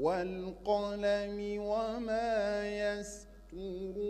والقلم وما يسطرون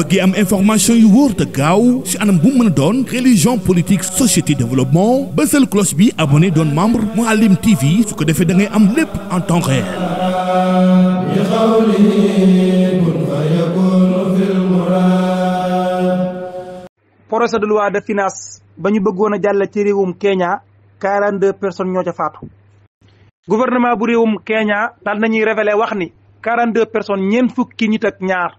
bëggee am information yu wóor te gaaw si anam bu mu mën a doon religion am lépp en temps réel. de loi ba ñu bëggoon a jàll ci réewum Kenya 42 personnes ñoo ca faatu. gouvernement bu réewum Kenya daal nañuy révélé wax ni 42 ñeent fukki nit ak ñaar.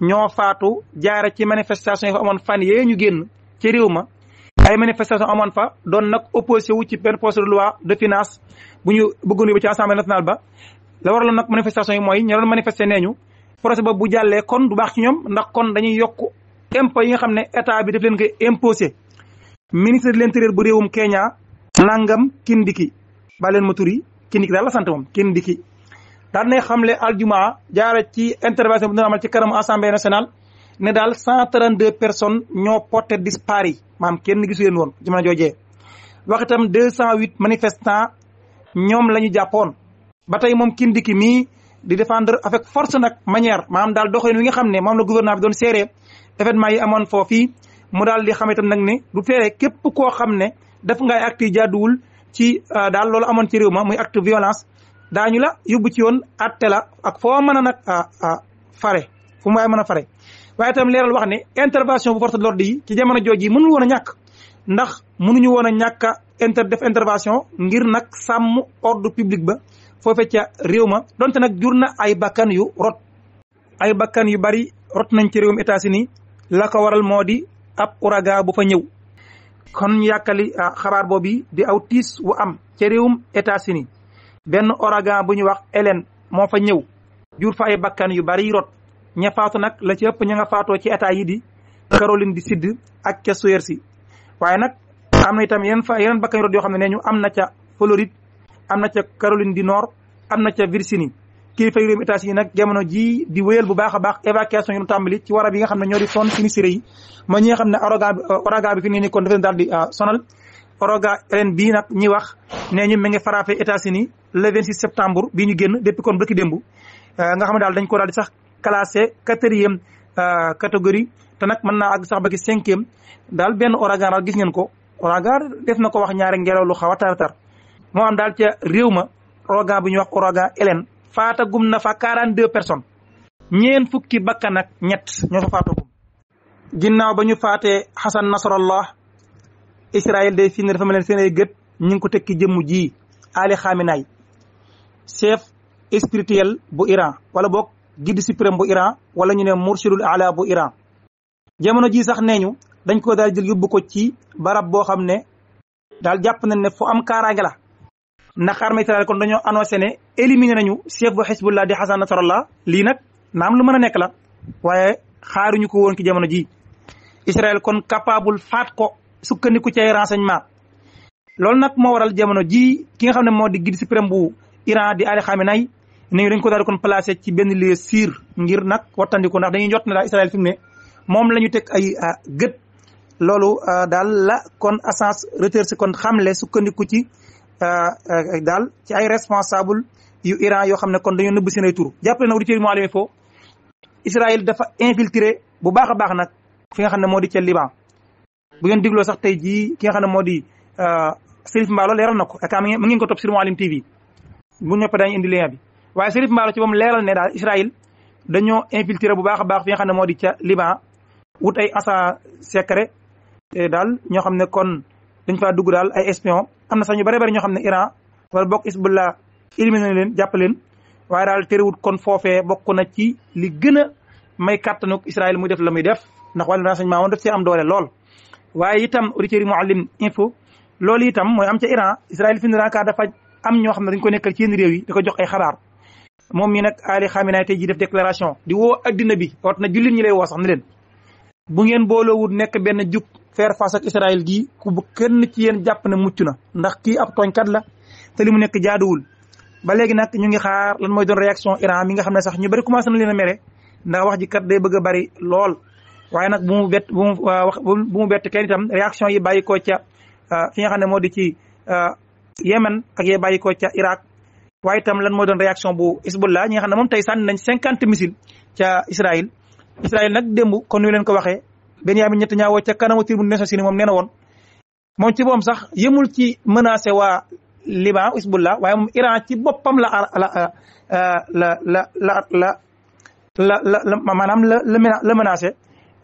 ñoo faatu jaare ci manifestation yi fa amoon fan yee ñu génn ci réew ma ay manifestation amoon fa doon nag opposé wu ci benn projet de loi de finance bu ñu bëggoon yóbbu ci assemblée nationale ba la waraloon nag manifestation yi mooy ña doon manifesté nee ñu projet ba bu jàllee kon du baax ci ñoom ndax kon dañuy yokk impôt yi nga xam ne état bi daf leen koy imposé ministre de l'intérieur bu réewum Kenya nangam kindiki ba leen ma tur yi kindiki daal la sant moom kindiki daan ne xamle aljuma jaara ci intervention bu dina amal ci kanamu assemblée nationale ne daal cent trente deux personnes ñoo porté disparu maam kenn gisu leen woon jamono joojee wax itam deux cent huit manifestants ñoom la ñu jàppoon ba tey moom kindiki mii di défendre avec force nag manière maam daal doxalin wi nga xam ne moom la gouvernement bi doon seeree événement yi amoon foofii mu daal di xam itam nag ne du tere képp koo xam ne def nga acte yi jaaduwul ci euh, daal loolu amoon ci réew ma muy acte daañu la yóbbu ci yoon atte la ak foo mën a nag fare fu may mën a fare waaye itam leeral wax ne intervention bu force de l'ordre yi ci jamono jooju yi mënul woon a ñàkk ndax mënuñu woon a ñàkk a def intervention ngir nag sàmm ordre public ba foofee ca réew ma donte nag jur na ay bakkan yu rot ay bakkan yu bari rot nañ ci réewum états la ko waral moo di ab ouragan bu fa ñëw kon yàkkali xabaar boobu di aw tiis wu am ca réewum États-Unis benn oragan bu ñu wax Hélène moo fa ñëw jur fa ay bakkan yu bari rot ña faatu nag la ci ëpp ña nga faatoo ci état yi di Caroline di sidd ak ca Jersey waaye nag am na itam yen fa yeneen bakkan yu rot yoo xam ne ne ñu am na ca Floride am na ca Caroline di Nord am na ca Virginie kilifa yu réew états yi nag jamono ji di wéyal bu baax a baax évacuation yu tàmbali ci warab bi nga xam ne ñoo di sonn sinistré yi ma ñi xam ne ouragan bi euh, ouragan bi fi ne ni kon daal di euh, sonal oroga ren bii nag ñi wax nee ñu mi ngi frappé États-Unis le 26 septembre bii ñu génn depuis kon bëkki démb euh, nga xam ne daal dañ ko daal di sax classé quatrième euh, catégorie te nag mën naa àgg sax ba ci cinquième daal benn ouragan daal gis ngeen ko ouragan def na ko wax ñaari ngelaw lu xaw a tar moo am daal ca réew ma ouragan bu ñuy wax ouragan Hélène faata gum na fa 42 personnes ñeen fukki bakkan ak ñett ñoo fa faatagum ginnaaw ba ñu faatee Hassan Nasrallah Israël day fi ne dafa mel ne seen ay gët ñu ngi ko tekki jëmm ji Ali Khamenei chef spirituel bu Iran wala boog guide suprême bu Iran wala ñu ne murshidul ala bu Iran. jamono ji sax nee ñu dañ ko daal jël yóbbu ko ci barab boo xam ne daal jàpp nañ ne fu am kaaraange la. ndax armée Israël kon dañoo annoncé ne éliminé nañu chef bu Hezbollah di Hassan Nasrallah lii nag naam lu mën a nekk la waaye xaaruñu ko woon ci jamono ji Israël kon capable faat ko. sukkandiku ci ay renseignement loolu nag moo waral jamono ji ki nga xam ne moo di guide suprême bu Iran di Ali Khamenei ni dañ ko daal di kon placé ci benn lieu sûr ngir nag wattandiku ndax dañu jot na daal Israël fi ne moom lañu ñu teg ay ah, gët loolu ah, daal la kon Assange Reuters kon xamle sukkandiku ci ah, daal ci ay responsable yu Iran yoo xam ne kon dañoo nëbb seen ay tur jàppale na auditeurs yi Mouhalim Info Israël dafa infiltré bu baax a baax nag fi nga xam ne moo di ca Liban bu ngeen dégloo sax tey jii ki nga xam ne moo di euh, Serif Mballo leeral na ko aka mu ngeen ko topp sur Mouhalim TV bu ñëpp dañu indi lien bi waaye Serif Mballo ci moom leeral ne daal Israël dañoo infiltré bu baax a baax fi nga xam ne moo di ca Liban wut ay agent secret daal ñoo xam ne kon dañ faa dugg daal ay espion am na sax ñu bëri ñoo xam ne Iran wala bokk Hezbollah éliminé na leen jàpp leen waaye daal terewut kon foofe bokk na ci li gën a may kàttanu Israël muy def la muy def ndax wàllu sañ woon def see am doole lool waaye itam auditeurs yi Mouhalim info loolu itam mooy am ca Iran Israël finira ka dafa am ñoo xam ne dañ ko nekkal ci yenn réew yi da ko jox ay xabaar moom mi nag Ali Khamenei tey ji def déclaration di woo addina bi wat na jullit ñi lay woo sax ne leen bu ngeen boolo booloowul nekk benn jug faire face ak Israël gii ku bu kenn ci yéen jàpp na mucc na ndax kii ab tooñkat la te li mu nekk jaaduwul ba léegi nag ñu ngi xaar lan mooy doon réaction Iran mi nga xam ne sax ñu bëri commencé na leen a mere wax ji kat day bëgg a bëri lool waaye nag bu mu bett bu uh, wax mu bett kenn itam réaction yi bàyyi ko ca uh, fi nga xam ne moo di ci uh, Yémen a yee bàyyi ko ca Irak waaye itam lan moo doon réaction bu Hezbollah ñi nga xam moom tey sànni nañ cinquante missile ca Israël Israël nag démb kon ñu leen ko waxee Benyamin Netanyahu ca kanamu tribune Nations Unies moom nee na woon moom ci boom sax yëmul ci menacé waa Liban Hezbollah waaye moom Iran ci boppam la la la la la la la la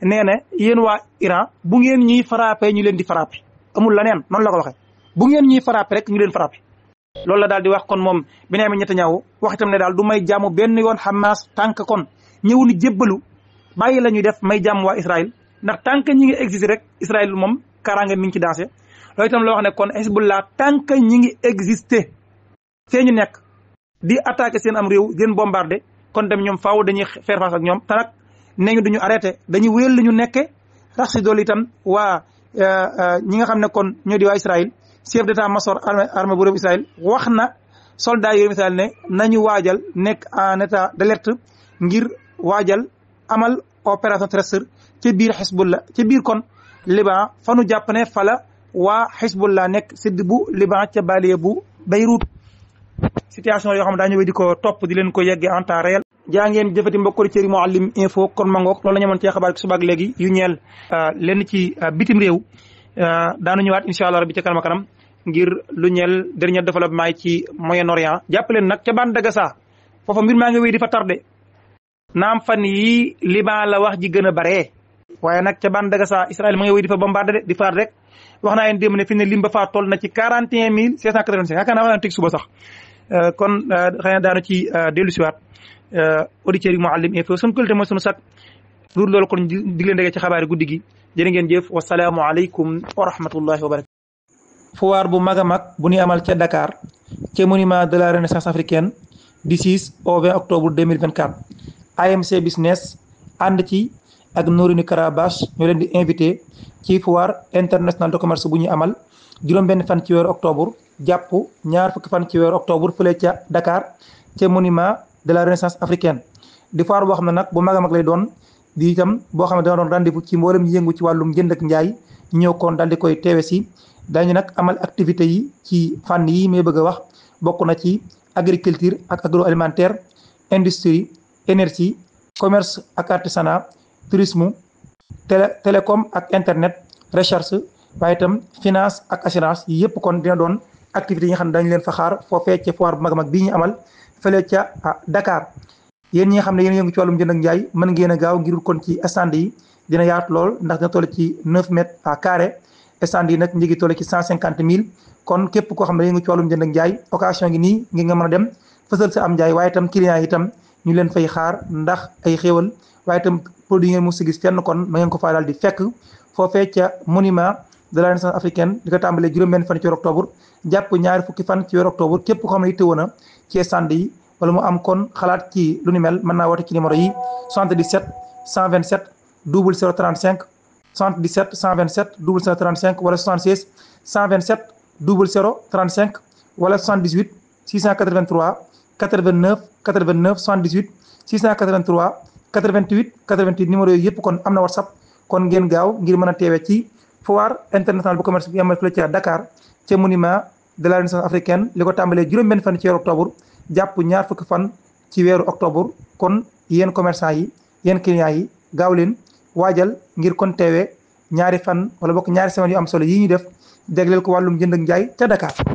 nee na yéen waa Iran bu ngeen ñuy frappé ñu leen di frappé amul leneen noonu la ko waxee bu ngeen ñuy frappé rek ñu leen frappé. loolu la daal di wax kon moom Benyamin Netanyahu wax itam ne daal du may jàmm benn yoon Hamas tànk kon ñëw ni jébbalu bàyyi la ñuy def may jàmm waa Israël ndax tànk ñi ngi existé rek Israël moom kaaraange mi ngi ci dansé loolu itam la wax ne kon Hezbollah tànk ñi ngi existé fee ñu nekk di attaqué seen am réew di leen bombardé kon dem ñoom faaw dañuy faire ak ñoom te nee ñu duñu arrêté dañu wéyal lu ñu nekke rax si dool itam waa euh, euh, ñi nga xam ne kon ñoo di waa Israël chef masor major armée bu réew Israël wax na soldats yi réew ne nañu waajal nekk en état d'alerte ngir waajal amal opération terrestre ca biir Hezbollah ca biir kon Liban fanu jàpp ne fala waa Hezbollah nekk sidd bu Liban ca banlieue bu Beyrouth situation yoo xam ne daañu wéy di ko topp di leen ko yeggee en temps réel jaa ngeen jëfati mbokkori cëri Mouhalim info kon mangook loolu la ñu amoon ci xabaar bi suba ak yu ñeel euh, lenn ci euh, bitim réew euh, daanu ñëwaat incha allah rabbi ca kanam kanam ngir lu ñeel dernier développement yi ci Moyen Orient jàppaleen nag ca Bandagasa foofa mbir maa ngi wéy di fa tardé naam fan yii Liban la wax ji gën a bare waaye nag ca Bandagasa Israël ma ngi wéy ba fa bombardé di faat rek wax naa yéen démb fi ne lim ba faa na ci quarante et un mille six cent quatre-vingt-cinq kon xëy na daanu ci dellusiwaat Euh, auditeurs yi Mouhalim info suñu këlte mooy suñu sàkk loolu loolu kon dig leen dege ci xabaari guddi gi jërë ngeen jëf wasalaamualeykum wa rahmatullahi wa barakatu bu mag a mag bu ñuy amal ca Dakar ca monument de la renaissance africaine du 6 au 20 octobre 2024 AMC business ànd ci ak Nourine Karabash ñoo leen di invité ci foire international de commerce bu ñuy amal juróom-benn fan ci weeru octobre jàpp ñaar fukki fan ci weeru octobre fële ca Dakar ca monument de la renaissance africaine di foire boo xam ne nag bu mag a mag lay doon di itam boo xam ne dana doon rendez-vous ci mboolem yëngu ci wàllum jënd ak njaay ñëw koon daal di koy teewe si dañu nag amal activité yi ci fànn yi may bëgg a wax bokk na ci agriculture ak agro alimentaire industrie énergie commerce ak artisanat tourisme télé télécom ak internet recherche waaye itam finance ak assurance yëpp kon dina doon activité yi nga xam ne dañu leen fa xaar foofee ci bu mag mag bii ñu amal fële ca ah, Dakar yéen ñi nga xam ne yen yëngu ci wàllum jënd ak njaay mën ngeen gaaw ngir kon ci stand yi dina yaat lool ndax dina toll ci 9 mètres à carré stand yi nag ñu ngi toll ci 150 000 kon képp koo xam ne yëngu ci wàllum jënd ak njaay occasion gi nga mën a dem fësal sa am njaay waaye itam ñu leen fay xaar ndax ay xéewal waaye itam produit ngeen mu si gis fenn kon ma ngeen ko faa daal di fekk foofee ca monument de la Renaissance africaine di ko tàmbalee juróom-benn fan ci weeru octobre jàpp ñaari fukki fan ci weeru octobre képp ko xam ne yittewoo na ci stand yi wala mu am kon xalaat ci lu ni mel mën naa woote ci numéro yi 77 127 00 35 77 127 00 35 wala 76 127 00 35 wala 78 683 89 89 78 683 88 88 numéro yooyu yëpp kon am na whatsapp kon ngeen gaaw ngir mën a teewee ci foire internationale bu commerce bi amal monument de la Renaissance africaine li ko tàmbalee juróom-benn fan ci weeru octobre jàpp ñaar fukki fan ci weeru octobre kon yéen commerçant yi yéen clients yi gaaw leen waajal ngir kon teewee ñaari fan wala bokk ñaari semaine yu am solo yi ñuy def jagleel ko wàllum jënd ak njaay ca Dakar.